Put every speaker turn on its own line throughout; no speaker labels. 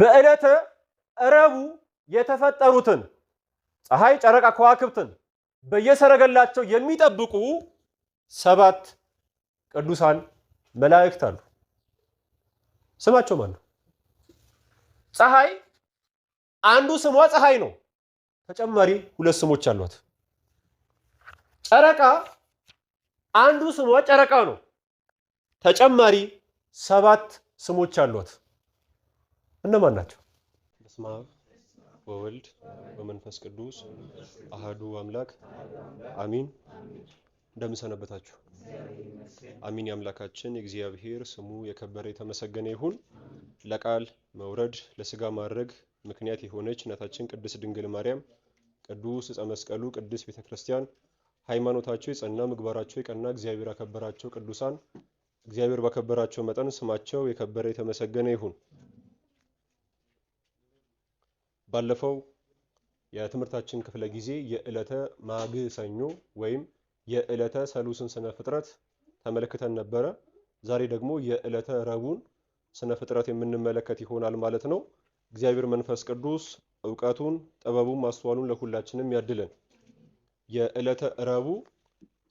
በዕለተ ረቡ የተፈጠሩትን ፀሐይ፣ ጨረቃ፣ ከዋክብትን በየሰረገላቸው የሚጠብቁ ሰባት ቅዱሳን መላእክት አሉ። ስማቸው ማን ነው? ፀሐይ አንዱ ስሟ ፀሐይ ነው። ተጨማሪ ሁለት ስሞች አሏት። ጨረቃ አንዱ ስሟ ጨረቃ ነው። ተጨማሪ ሰባት ስሞች አሏት። እነማን ናቸው? በስመ አብ ወወልድ ወመንፈስ ቅዱስ አህዱ አምላክ አሚን። እንደምሰነበታችሁ። አሚን። የአምላካችን የእግዚአብሔር ስሙ የከበረ የተመሰገነ ይሁን። ለቃል መውረድ ለስጋ ማድረግ ምክንያት የሆነች እናታችን ቅድስት ድንግል ማርያም፣ ቅዱስ ዕፀ መስቀሉ፣ ቅድስት ቤተ ክርስቲያን፣ ሃይማኖታቸው የጸና ምግባራቸው የቀና እግዚአብሔር ያከበራቸው ቅዱሳን እግዚአብሔር ባከበራቸው መጠን ስማቸው የከበረ የተመሰገነ ይሁን። ባለፈው የትምህርታችን ክፍለ ጊዜ የዕለተ ማግዕ ሰኞ ወይም የዕለተ ሰሉስን ስነ ፍጥረት ተመልክተን ነበረ። ዛሬ ደግሞ የዕለተ ረቡን ስነ ፍጥረት የምንመለከት ይሆናል ማለት ነው። እግዚአብሔር መንፈስ ቅዱስ እውቀቱን፣ ጥበቡን፣ ማስተዋሉን ለሁላችንም ያድለን። የዕለተ ረቡ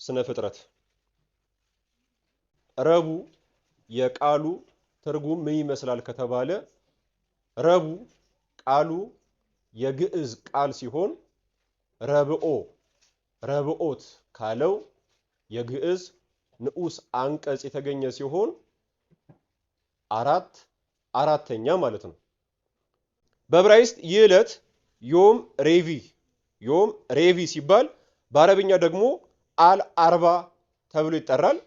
ስነ ፍጥረት ረቡ የቃሉ ትርጉም ምን ይመስላል ከተባለ ረቡ ቃሉ የግዕዝ ቃል ሲሆን ረብኦ ረብኦት ካለው የግዕዝ ንዑስ አንቀጽ የተገኘ ሲሆን አራት አራተኛ ማለት ነው። በዕብራይስጥ ይህ ዕለት ዮም ሬቪ ዮም ሬቪ ሲባል በአረብኛ ደግሞ አል አርባ ተብሎ ይጠራል።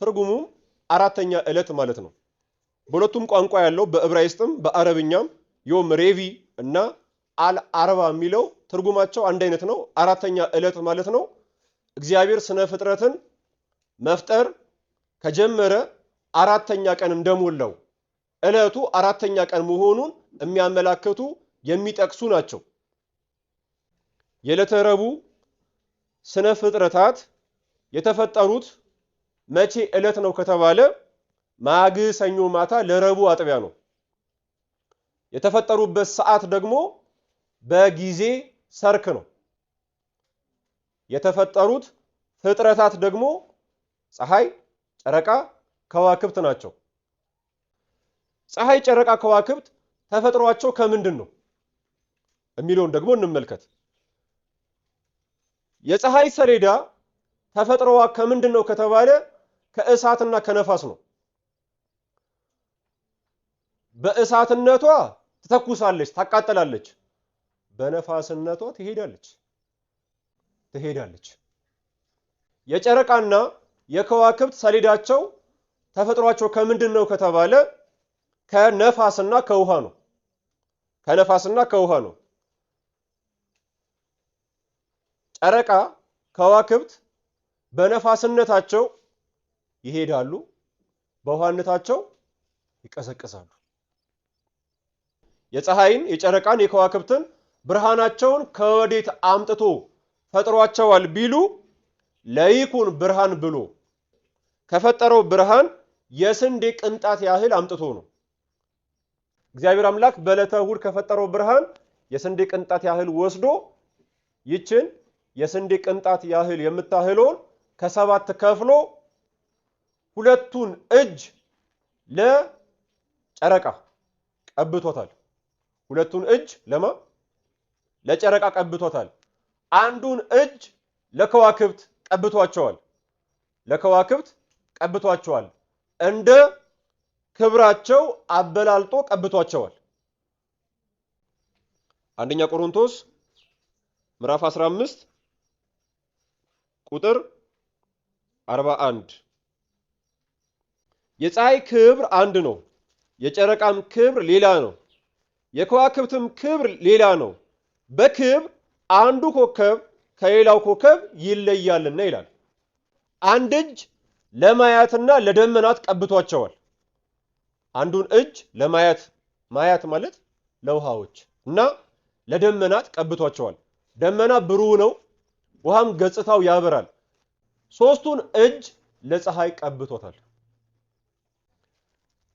ትርጉሙም አራተኛ ዕለት ማለት ነው። በሁለቱም ቋንቋ ያለው በዕብራይስጥም በአረብኛም ዮም ሬቪ እና አል አርባ የሚለው ትርጉማቸው አንድ አይነት ነው። አራተኛ ዕለት ማለት ነው። እግዚአብሔር ስነ ፍጥረትን መፍጠር ከጀመረ አራተኛ ቀን እንደሞላው ዕለቱ አራተኛ ቀን መሆኑን የሚያመላክቱ የሚጠቅሱ ናቸው። የዕለተ ረቡዕ ስነ ፍጥረታት የተፈጠሩት መቼ ዕለት ነው ከተባለ ማግሰኞ ማታ ለረቡዕ አጥቢያ ነው። የተፈጠሩበት ሰዓት ደግሞ በጊዜ ሰርክ ነው። የተፈጠሩት ፍጥረታት ደግሞ ፀሐይ፣ ጨረቃ፣ ከዋክብት ናቸው። ፀሐይ፣ ጨረቃ፣ ከዋክብት ተፈጥሯቸው ከምንድን ነው የሚለውን ደግሞ እንመልከት። የፀሐይ ሰሌዳ ተፈጥሮዋ ከምንድን ነው ከተባለ ከእሳትና ከነፋስ ነው። በእሳትነቷ ትተኩሳለች፣ ታቃጠላለች። በነፋስነቷ ትሄዳለች ትሄዳለች። የጨረቃና የከዋክብት ሰሌዳቸው ተፈጥሯቸው ከምንድን ነው ከተባለ ከነፋስና ከውሃ ነው። ከነፋስና ከውሃ ነው። ጨረቃ ከዋክብት በነፋስነታቸው ይሄዳሉ፣ በውሃነታቸው ይቀዘቅዛሉ። የፀሐይን፣ የጨረቃን፣ የከዋክብትን ብርሃናቸውን ከወዴት አምጥቶ ፈጥሯቸዋል ቢሉ ለይኩን ብርሃን ብሎ ከፈጠረው ብርሃን የስንዴ ቅንጣት ያህል አምጥቶ ነው። እግዚአብሔር አምላክ በዕለተ እሑድ ከፈጠረው ብርሃን የስንዴ ቅንጣት ያህል ወስዶ ይችን የስንዴ ቅንጣት ያህል የምታህለውን ከሰባት ከፍሎ ሁለቱን እጅ ለጨረቃ ቀብቶታል። ሁለቱን እጅ ለማ ለጨረቃ ቀብቶታል። አንዱን እጅ ለከዋክብት ቀብቷቸዋል። ለከዋክብት ቀብቷቸዋል። እንደ ክብራቸው አበላልጦ ቀብቷቸዋል። አንደኛ ቆሮንቶስ ምዕራፍ 15 ቁጥር 41 የፀሐይ ክብር አንድ ነው፣ የጨረቃም ክብር ሌላ ነው፣ የከዋክብትም ክብር ሌላ ነው በክብ አንዱ ኮከብ ከሌላው ኮከብ ይለያልና ይላል። አንድ እጅ ለማያትና ለደመናት ቀብቷቸዋል። አንዱን እጅ ለማያት ማያት ማለት ለውሃዎች እና ለደመናት ቀብቷቸዋል። ደመና ብሩህ ነው፣ ውሃም ገጽታው ያበራል። ሶስቱን እጅ ለፀሐይ ቀብቶታል።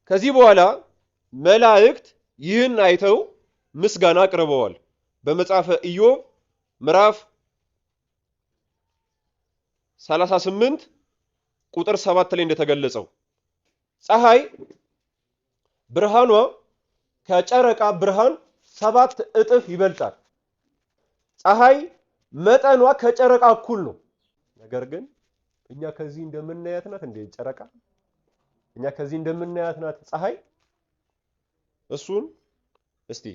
ከዚህ በኋላ መላእክት ይህን አይተው ምስጋና አቅርበዋል። በመጽሐፈ ኢዮብ ምዕራፍ 38 ቁጥር 7 ላይ እንደተገለጸው ፀሐይ ብርሃኗ ከጨረቃ ብርሃን ሰባት እጥፍ ይበልጣል። ፀሐይ መጠኗ ከጨረቃ እኩል ነው። ነገር ግን እኛ ከዚህ እንደምናያት ናት እንደ ጨረቃ፣ እኛ ከዚህ እንደምናያት ናት ፀሐይ። እሱን እስቲ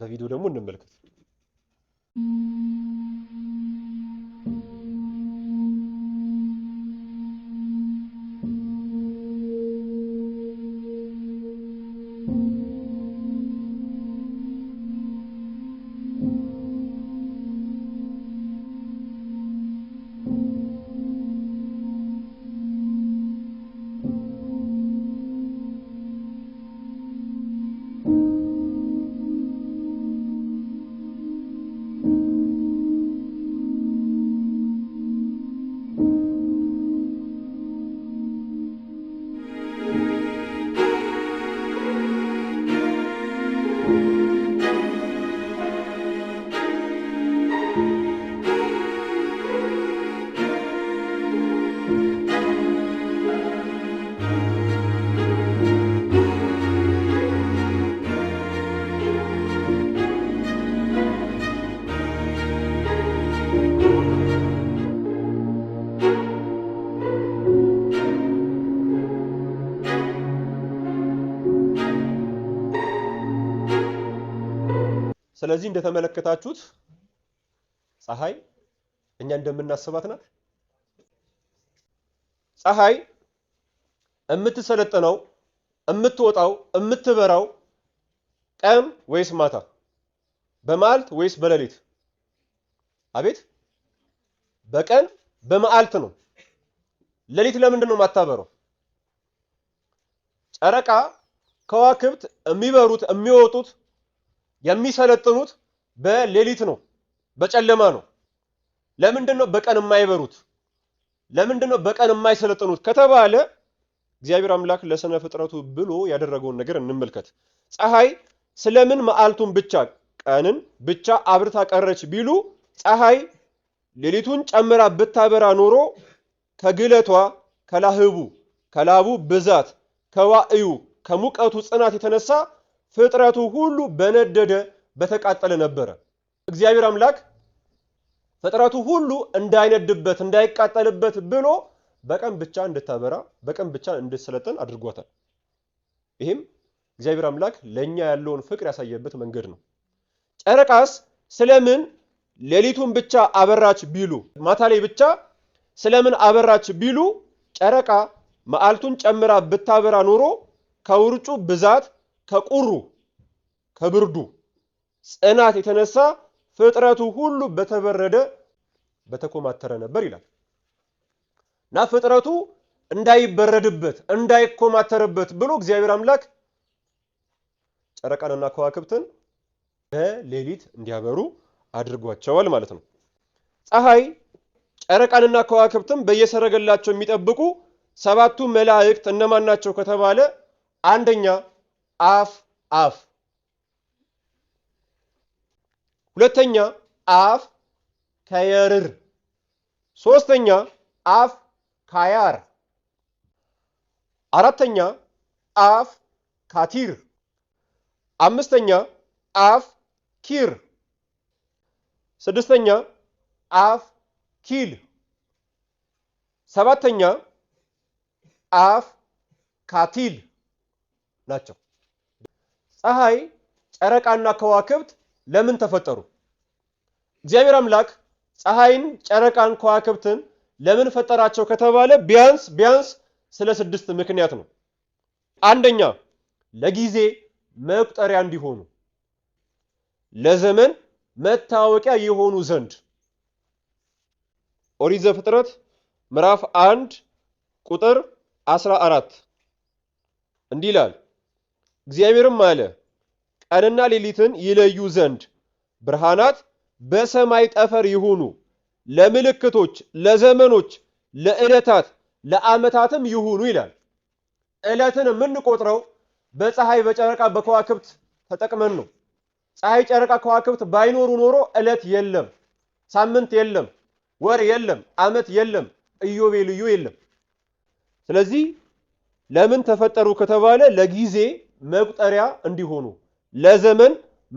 በቪዲዮ ደግሞ እንመልከት። ስለዚህ እንደተመለከታችሁት ፀሐይ እኛ እንደምናስባት ናት። ፀሐይ የምትሰለጥነው የምትወጣው የምትበራው ቀን ወይስ ማታ? በመዓልት ወይስ በሌሊት? አቤት በቀን በመዓልት ነው። ሌሊት ለምንድን ነው የማታበረው? ጨረቃ ከዋክብት የሚበሩት የሚወጡት የሚሰለጥኑት በሌሊት ነው፣ በጨለማ ነው። ለምንድን ነው በቀን የማይበሩት? ለምንድን ነው በቀን የማይሰለጥኑት ከተባለ እግዚአብሔር አምላክ ለስነ ፍጥረቱ ብሎ ያደረገውን ነገር እንመልከት። ፀሐይ ስለምን መዓልቱን ብቻ ቀንን ብቻ አብርታ ቀረች ቢሉ ፀሐይ ሌሊቱን ጨምራ ብታበራ ኖሮ ከግለቷ ከላህቡ ከላቡ ብዛት ከዋዕዩ ከሙቀቱ ጽናት የተነሳ ፍጥረቱ ሁሉ በነደደ በተቃጠለ ነበረ። እግዚአብሔር አምላክ ፍጥረቱ ሁሉ እንዳይነድበት እንዳይቃጠልበት ብሎ በቀን ብቻ እንድታበራ በቀን ብቻ እንድትሰለጥን አድርጓታል። ይህም እግዚአብሔር አምላክ ለእኛ ያለውን ፍቅር ያሳየበት መንገድ ነው። ጨረቃስ ስለምን ሌሊቱን ብቻ አበራች ቢሉ፣ ማታ ላይ ብቻ ስለምን አበራች ቢሉ፣ ጨረቃ መዓልቱን ጨምራ ብታበራ ኖሮ ከውርጩ ብዛት ከቁሩ ከብርዱ ጽናት የተነሳ ፍጥረቱ ሁሉ በተበረደ በተኮማተረ ነበር ይላል እና ፍጥረቱ እንዳይበረድበት እንዳይኮማተርበት ብሎ እግዚአብሔር አምላክ ጨረቃንና ከዋክብትን በሌሊት እንዲያበሩ አድርጓቸዋል ማለት ነው። ፀሐይ ጨረቃንና ከዋክብትን በየሰረገላቸው የሚጠብቁ ሰባቱ መላእክት እነማን ናቸው ከተባለ አንደኛ አፍ አፍ። ሁለተኛ አፍ ከየርር፣ ሶስተኛ አፍ ካያር፣ አራተኛ አፍ ካቲር፣ አምስተኛ አፍ ኪር፣ ስድስተኛ አፍ ኪል፣ ሰባተኛ አፍ ካቲል ናቸው። ፀሐይ፣ ጨረቃና ከዋክብት ለምን ተፈጠሩ? እግዚአብሔር አምላክ ፀሐይን፣ ጨረቃን፣ ከዋክብትን ለምን ፈጠራቸው ከተባለ ቢያንስ ቢያንስ ስለ ስድስት ምክንያት ነው። አንደኛ ለጊዜ መቁጠሪያ እንዲሆኑ፣ ለዘመን መታወቂያ የሆኑ ዘንድ ኦሪት ዘፍጥረት ምዕራፍ አንድ ቁጥር 14 እንዲህ ይላል እግዚአብሔርም አለ ቀንና ሌሊትን ይለዩ ዘንድ ብርሃናት በሰማይ ጠፈር ይሁኑ፣ ለምልክቶች፣ ለዘመኖች፣ ለዕለታት፣ ለዓመታትም ይሁኑ ይላል። ዕለትን የምንቆጥረው በፀሐይ፣ በጨረቃ፣ በከዋክብት ተጠቅመን ነው። ፀሐይ፣ ጨረቃ፣ ከዋክብት ባይኖሩ ኖሮ ዕለት የለም፣ ሳምንት የለም፣ ወር የለም፣ ዓመት የለም፣ ኢዮቤልዩ የለም። ስለዚህ ለምን ተፈጠሩ ከተባለ ለጊዜ መቁጠሪያ እንዲሆኑ ለዘመን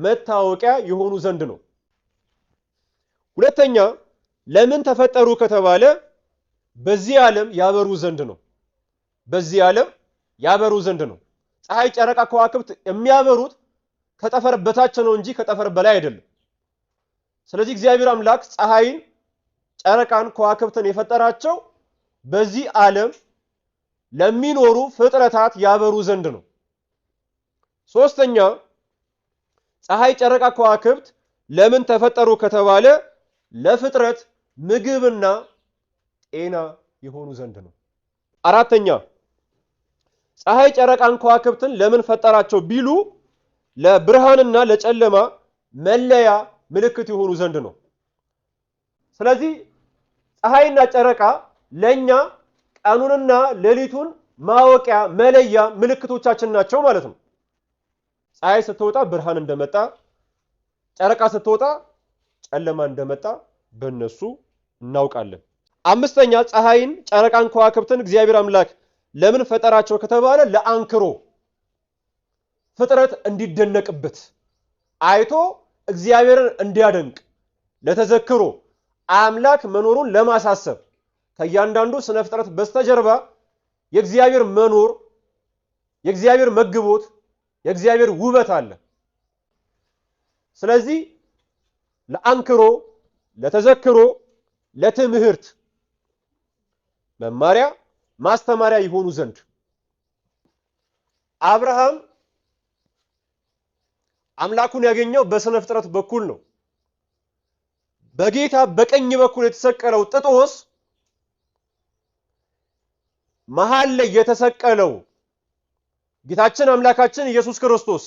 መታወቂያ የሆኑ ዘንድ ነው። ሁለተኛ ለምን ተፈጠሩ ከተባለ በዚህ ዓለም ያበሩ ዘንድ ነው። በዚህ ዓለም ያበሩ ዘንድ ነው። ፀሐይ፣ ጨረቃ፣ ከዋክብት የሚያበሩት ከጠፈር በታች ነው እንጂ ከጠፈር በላይ አይደለም። ስለዚህ እግዚአብሔር አምላክ ፀሐይን፣ ጨረቃን፣ ከዋክብትን የፈጠራቸው በዚህ ዓለም ለሚኖሩ ፍጥረታት ያበሩ ዘንድ ነው። ሶስተኛ ፀሐይ፣ ጨረቃ፣ ከዋክብት ለምን ተፈጠሩ ከተባለ ለፍጥረት ምግብና ጤና የሆኑ ዘንድ ነው። አራተኛ ፀሐይ፣ ጨረቃን፣ ከዋክብትን ለምን ፈጠራቸው ቢሉ ለብርሃንና ለጨለማ መለያ ምልክት የሆኑ ዘንድ ነው። ስለዚህ ፀሐይና ጨረቃ ለኛ ቀኑንና ሌሊቱን ማወቂያ መለያ ምልክቶቻችን ናቸው ማለት ነው። ፀሐይ ስትወጣ ብርሃን እንደመጣ፣ ጨረቃ ስትወጣ ጨለማ እንደመጣ በእነሱ እናውቃለን። አምስተኛ ፀሐይን፣ ጨረቃን፣ ከዋክብትን እግዚአብሔር አምላክ ለምን ፈጠራቸው ከተባለ ለአንክሮ ፍጥረት እንዲደነቅበት አይቶ እግዚአብሔርን እንዲያደንቅ ለተዘክሮ አምላክ መኖሩን ለማሳሰብ ከእያንዳንዱ ስነ ፍጥረት በስተጀርባ የእግዚአብሔር መኖር የእግዚአብሔር መግቦት የእግዚአብሔር ውበት አለ። ስለዚህ ለአንክሮ፣ ለተዘክሮ፣ ለትምህርት መማሪያ ማስተማሪያ ይሆኑ ዘንድ አብርሃም አምላኩን ያገኘው በስነ ፍጥረት በኩል ነው። በጌታ በቀኝ በኩል የተሰቀለው ጥጦስ መሃል ላይ የተሰቀለው ጌታችን አምላካችን ኢየሱስ ክርስቶስ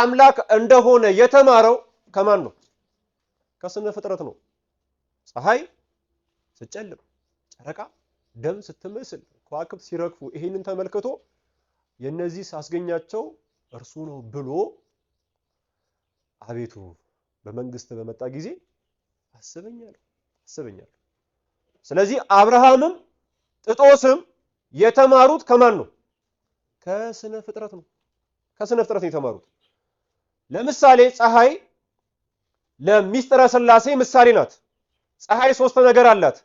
አምላክ እንደሆነ የተማረው ከማን ነው? ከስነ ፍጥረት ነው። ፀሐይ ስትጨልም፣ ጨረቃ ደም ስትመስል፣ ከዋክብት ሲረግፉ ይሄንን ተመልክቶ የነዚህ ሳስገኛቸው እርሱ ነው ብሎ አቤቱ በመንግስት በመጣ ጊዜ አስበኛል አስበኛል። ስለዚህ አብርሃምም ጥጦስም የተማሩት ከማን ነው? ከስነ ፍጥረት ነው ከስነ ፍጥረት ነው የተማሩት። ለምሳሌ ፀሐይ ለሚስጥረ ስላሴ ምሳሌ ናት። ፀሐይ ሶስት ነገር አላት።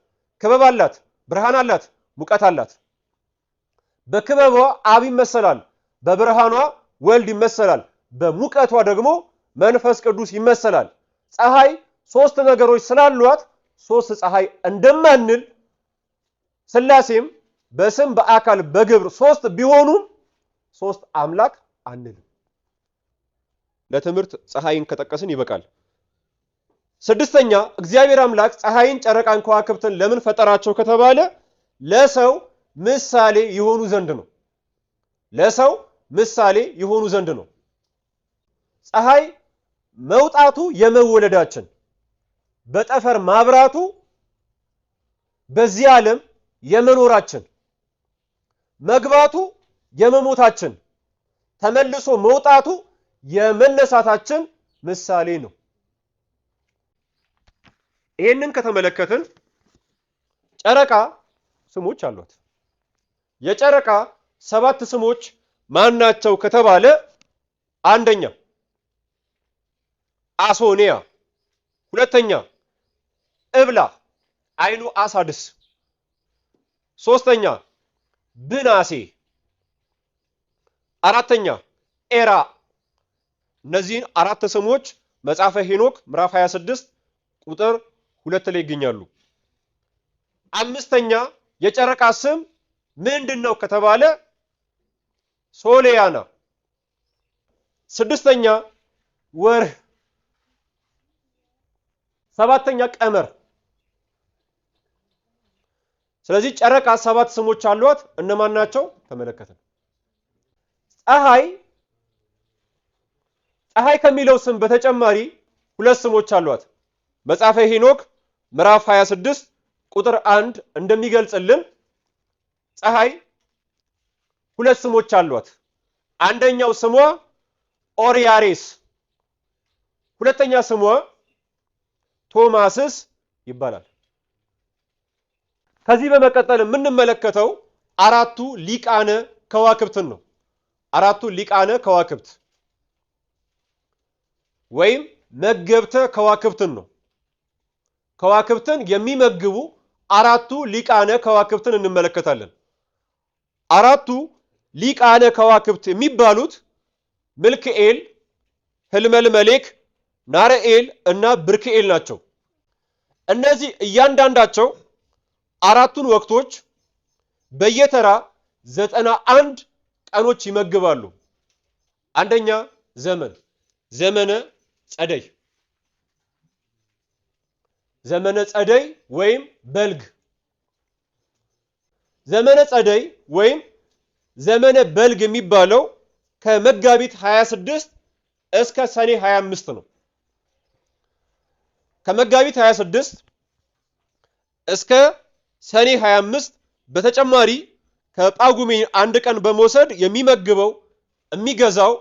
ክበብ አላት፣ ብርሃን አላት፣ ሙቀት አላት። በክበቧ አብ ይመሰላል፣ በብርሃኗ ወልድ ይመሰላል፣ በሙቀቷ ደግሞ መንፈስ ቅዱስ ይመሰላል። ፀሐይ ሶስት ነገሮች ስላሏት ሶስት ፀሐይ እንደማንል ስላሴም በስም በአካል በግብር ሶስት ቢሆኑም ሶስት አምላክ አንልም። ለትምህርት ፀሐይን ከጠቀስን ይበቃል። ስድስተኛ እግዚአብሔር አምላክ ፀሐይን፣ ጨረቃን፣ ከዋክብትን ለምን ፈጠራቸው ከተባለ ለሰው ምሳሌ ይሆኑ ዘንድ ነው። ለሰው ምሳሌ የሆኑ ዘንድ ነው። ፀሐይ መውጣቱ የመወለዳችን በጠፈር ማብራቱ በዚህ ዓለም የመኖራችን መግባቱ የመሞታችን ተመልሶ መውጣቱ የመነሳታችን ምሳሌ ነው። ይህንን ከተመለከትን ጨረቃ ስሞች አሏት። የጨረቃ ሰባት ስሞች ማናቸው ከተባለ አንደኛ አሶኒያ፣ ሁለተኛ እብላ አይኑ አሳድስ፣ ሶስተኛ ብናሴ አራተኛ ኤራ። እነዚህን አራት ስሞች መጽሐፈ ሄኖክ ምዕራፍ 26 ቁጥር ሁለት ላይ ይገኛሉ። አምስተኛ የጨረቃ ስም ምንድን ነው ከተባለ ሶሊያና። ስድስተኛ ወር፣ ሰባተኛ ቀመር። ስለዚህ ጨረቃ ሰባት ስሞች አሏት። እነማን ናቸው? ተመለከትን። ፀሐይ ፀሐይ ከሚለው ስም በተጨማሪ ሁለት ስሞች አሏት። መጽሐፈ ሄኖክ ምዕራፍ 26 ቁጥር አንድ እንደሚገልጽልን ፀሐይ ሁለት ስሞች አሏት። አንደኛው ስሟ ኦሪያሬስ፣ ሁለተኛ ስሟ ቶማስስ ይባላል። ከዚህ በመቀጠል የምንመለከተው አራቱ ሊቃነ ከዋክብትን ነው። አራቱ ሊቃነ ከዋክብት ወይም መገብተ ከዋክብትን ነው። ከዋክብትን የሚመግቡ አራቱ ሊቃነ ከዋክብትን እንመለከታለን። አራቱ ሊቃነ ከዋክብት የሚባሉት ምልክኤል፣ ህልመል መሌክ፣ ናርኤል እና ብርክኤል ናቸው። እነዚህ እያንዳንዳቸው አራቱን ወቅቶች በየተራ ዘጠና አንድ ቀኖች ይመግባሉ። አንደኛ ዘመን ዘመነ ጸደይ ዘመነ ጸደይ ወይም በልግ ዘመነ ጸደይ ወይም ዘመነ በልግ የሚባለው ከመጋቢት 26 እስከ ሰኔ 25 ነው። ከመጋቢት 26 እስከ ሰኔ 25 በተጨማሪ ከጳጉሜ አንድ ቀን በመውሰድ የሚመግበው የሚገዛው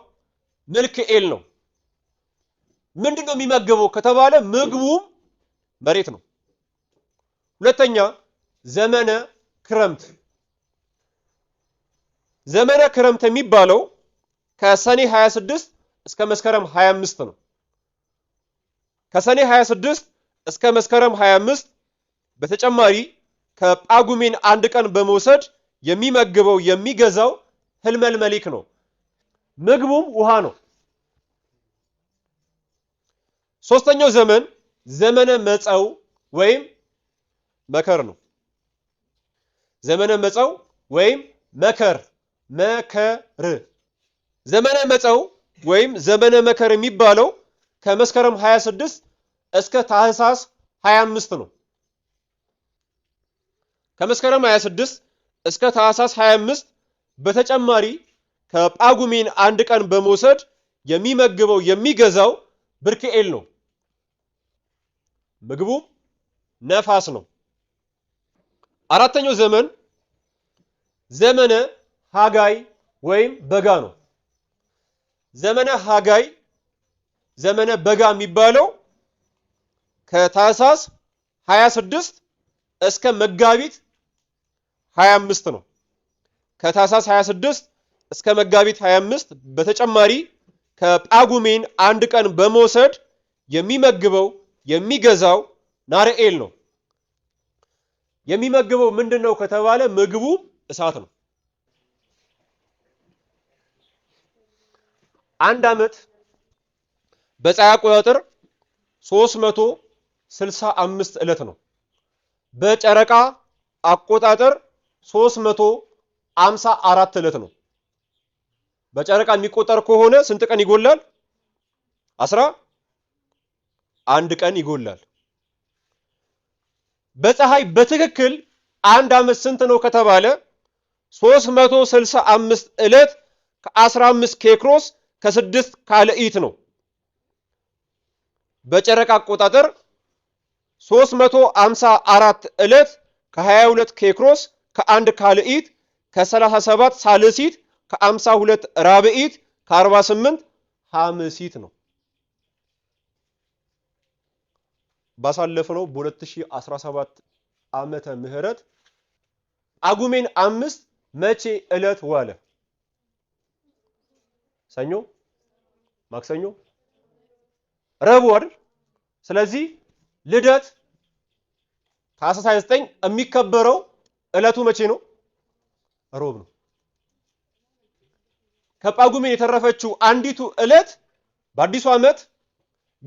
ምልክኤል ነው። ምንድን ነው የሚመግበው ከተባለ ምግቡም መሬት ነው። ሁለተኛ ዘመነ ክረምት። ዘመነ ክረምት የሚባለው ከሰኔ 26 እስከ መስከረም 25 ነው። ከሰኔ 26 እስከ መስከረም 25 በተጨማሪ ከጳጉሜን አንድ ቀን በመውሰድ የሚመግበው የሚገዛው ህልመል መሊክ ነው። ምግቡም ውሃ ነው። ሶስተኛው ዘመን ዘመነ መጸው ወይም መከር ነው። ዘመነ መጸው ወይም መከር መከር ዘመነ መጸው ወይም ዘመነ መከር የሚባለው ከመስከረም 26 እስከ ታህሳስ 25 ነው። ከመስከረም 26 እስከ ታህሳስ 25 በተጨማሪ ከጳጉሜን አንድ ቀን በመውሰድ የሚመግበው የሚገዛው ብርክኤል ነው። ምግቡም ነፋስ ነው። አራተኛው ዘመን ዘመነ ሃጋይ ወይም በጋ ነው። ዘመነ ሃጋይ ዘመነ በጋ የሚባለው ከታህሳስ 26 እስከ መጋቢት 25 ነው። ከታህሳስ 26 እስከ መጋቢት 25 በተጨማሪ ከጳጉሜን አንድ ቀን በመውሰድ የሚመግበው የሚገዛው ናርኤል ነው። የሚመግበው ምንድን ነው ከተባለ ምግቡ እሳት ነው። አንድ ዓመት በፀሐይ አቆጣጠር 365 ዕለት ነው። በጨረቃ አቆጣጠር 354 ዕለት ነው። በጨረቃ የሚቆጠር ከሆነ ስንት ቀን ይጎላል? አስራ አንድ ቀን ይጎላል። በፀሐይ በትክክል አንድ ዓመት ስንት ነው ከተባለ 365 ዕለት ከ15 ኬክሮስ ከስድስት ካለኢት ነው። በጨረቃ አቆጣጠር 354 ዕለት ከ22 ኬክሮስ ከአንድ ካልኢት ከ37 ሳልሲት ከ52 ራብኢት ከ48 ሐምሲት ነው። ባሳለፍነው በ2017 አመተ ምህረት አጉሜን አምስት መቼ እለት ዋለ? ሰኞ፣ ማክሰኞ፣ ረቡዕ አይደል? ስለዚህ ልደት 19 የሚከበረው እለቱ መቼ ነው? ሮብ ነው። ከጳጉሜ የተረፈችው አንዲቱ እለት በአዲሱ ዓመት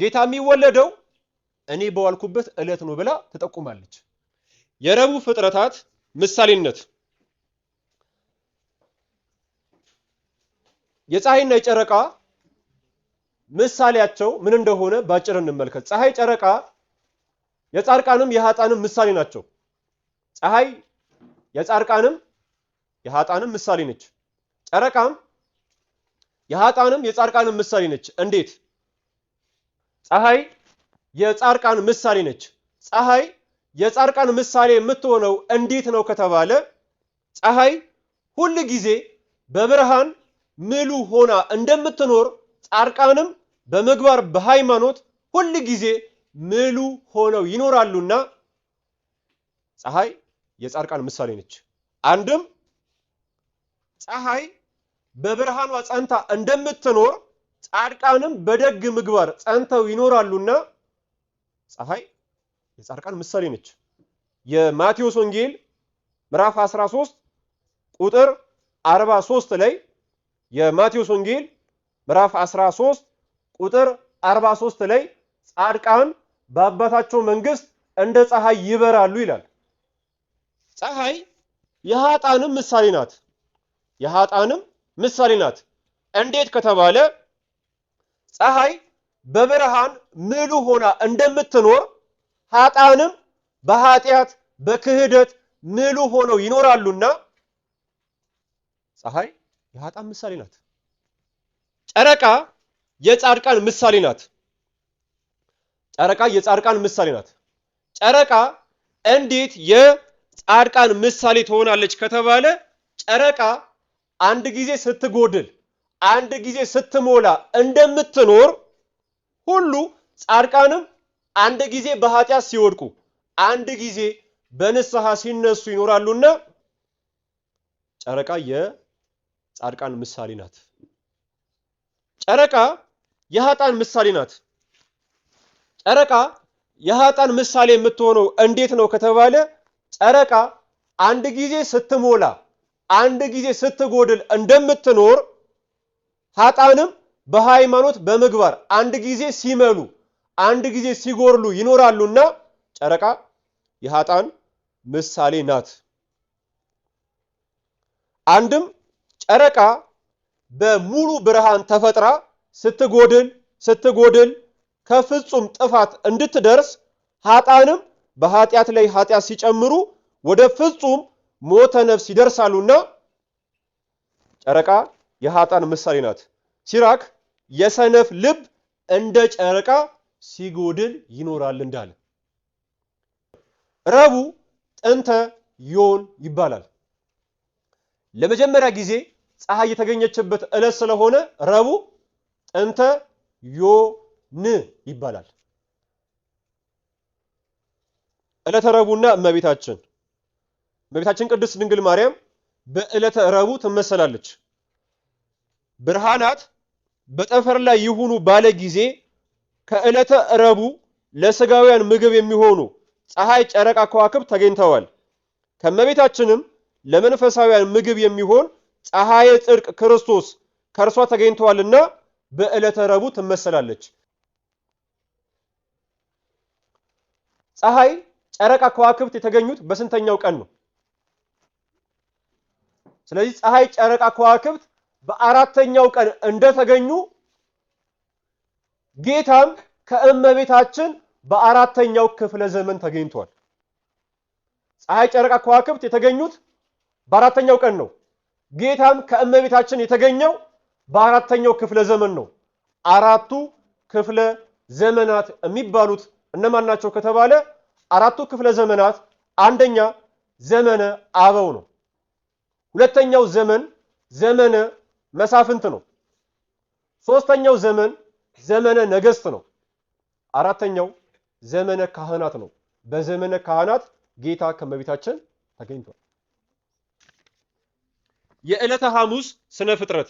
ጌታ የሚወለደው እኔ በዋልኩበት እለት ነው ብላ ትጠቁማለች። የረቡዕ ፍጥረታት ምሳሌነት የፀሐይና የጨረቃ ምሳሌያቸው ምን እንደሆነ ባጭር እንመልከት። ፀሐይ፣ ጨረቃ የጻድቃንም የኃጥአንም ምሳሌ ናቸው። ፀሐይ የጻድቃንም የሀጣንም ምሳሌ ነች። ጨረቃም የሀጣንም የጻድቃንም ምሳሌ ነች። እንዴት? ፀሐይ የጻድቃን ምሳሌ ነች። ፀሐይ የጻድቃን ምሳሌ የምትሆነው እንዴት ነው ከተባለ ፀሐይ ሁል ጊዜ በብርሃን ምሉ ሆና እንደምትኖር ጻድቃንም በምግባር በሃይማኖት ሁል ጊዜ ምሉ ሆነው ይኖራሉና ፀሐይ የጻድቃን ምሳሌ ነች። አንድም ፀሐይ በብርሃኗ ጸንታ እንደምትኖር ጻድቃንም በደግ ምግባር ጸንተው ይኖራሉና ፀሐይ የጻድቃን ምሳሌ ነች። የማቴዎስ ወንጌል ምዕራፍ 13 ቁጥር 43 ላይ የማቴዎስ ወንጌል ምዕራፍ 13 ቁጥር 43 ላይ ጻድቃን በአባታቸው መንግስት እንደ ፀሐይ ይበራሉ ይላል። ፀሐይ የሀጣንም ምሳሌ ናት። የሀጣንም ምሳሌ ናት። እንዴት ከተባለ ፀሐይ በብርሃን ምሉ ሆና እንደምትኖር ሀጣንም በኃጢአት በክህደት ምሉ ሆነው ይኖራሉና ፀሐይ የሀጣን ምሳሌ ናት። ጨረቃ የጻድቃን ምሳሌ ናት። ጨረቃ የጻድቃን ምሳሌ ናት። ጨረቃ እንዴት የ ጻድቃን ምሳሌ ትሆናለች ከተባለ ጨረቃ አንድ ጊዜ ስትጎድል አንድ ጊዜ ስትሞላ እንደምትኖር ሁሉ ጻድቃንም አንድ ጊዜ በኃጢአት ሲወድቁ አንድ ጊዜ በንስሐ ሲነሱ ይኖራሉና ጨረቃ የጻድቃን ምሳሌ ናት። ጨረቃ የሀጣን ምሳሌ ናት። ጨረቃ የሀጣን ምሳሌ የምትሆነው እንዴት ነው ከተባለ ጨረቃ አንድ ጊዜ ስትሞላ አንድ ጊዜ ስትጎድል እንደምትኖር ሀጣንም በሃይማኖት በምግባር አንድ ጊዜ ሲመሉ አንድ ጊዜ ሲጎርሉ ይኖራሉና ጨረቃ የሀጣን ምሳሌ ናት። አንድም ጨረቃ በሙሉ ብርሃን ተፈጥራ ስትጎድል ስትጎድል ከፍጹም ጥፋት እንድትደርስ ሀጣንም በኃጢአት ላይ ኃጢአት ሲጨምሩ ወደ ፍጹም ሞተ ነፍስ ይደርሳሉና ጨረቃ የኃጣን ምሳሌ ናት። ሲራክ የሰነፍ ልብ እንደ ጨረቃ ሲጎድል ይኖራል እንዳለ። ረቡ ጥንተ ዮን ይባላል። ለመጀመሪያ ጊዜ ፀሐይ የተገኘችበት ዕለት ስለሆነ ረቡ ጥንተ ዮን ይባላል። ዕለተ ረቡዕና እመቤታችን እመቤታችን ቅድስት ድንግል ማርያም በዕለተ ረቡዕ ትመሰላለች። ብርሃናት በጠፈር ላይ ይሁኑ ባለ ጊዜ ከዕለተ ረቡዕ ለስጋውያን ምግብ የሚሆኑ ፀሐይ፣ ጨረቃ፣ ከዋክብ ተገኝተዋል። ከእመቤታችንም ለመንፈሳውያን ምግብ የሚሆን ፀሐየ ጽድቅ ክርስቶስ ከእርሷ ተገኝተዋልና በዕለተ ረቡዕ ትመሰላለች። ፀሐይ ጨረቃ ከዋክብት የተገኙት በስንተኛው ቀን ነው? ስለዚህ ፀሐይ፣ ጨረቃ፣ ከዋክብት በአራተኛው ቀን እንደተገኙ ጌታም ከእመቤታችን በአራተኛው ክፍለ ዘመን ተገኝቷል። ፀሐይ፣ ጨረቃ፣ ከዋክብት የተገኙት በአራተኛው ቀን ነው። ጌታም ከእመቤታችን የተገኘው በአራተኛው ክፍለ ዘመን ነው። አራቱ ክፍለ ዘመናት የሚባሉት እነማን ናቸው ከተባለ አራቱ ክፍለ ዘመናት አንደኛ ዘመነ አበው ነው። ሁለተኛው ዘመን ዘመነ መሳፍንት ነው። ሶስተኛው ዘመን ዘመነ ነገስት ነው። አራተኛው ዘመነ ካህናት ነው። በዘመነ ካህናት ጌታ ከመቤታችን ተገኝቷል። የዕለተ ሐሙስ ስነ ፍጥረት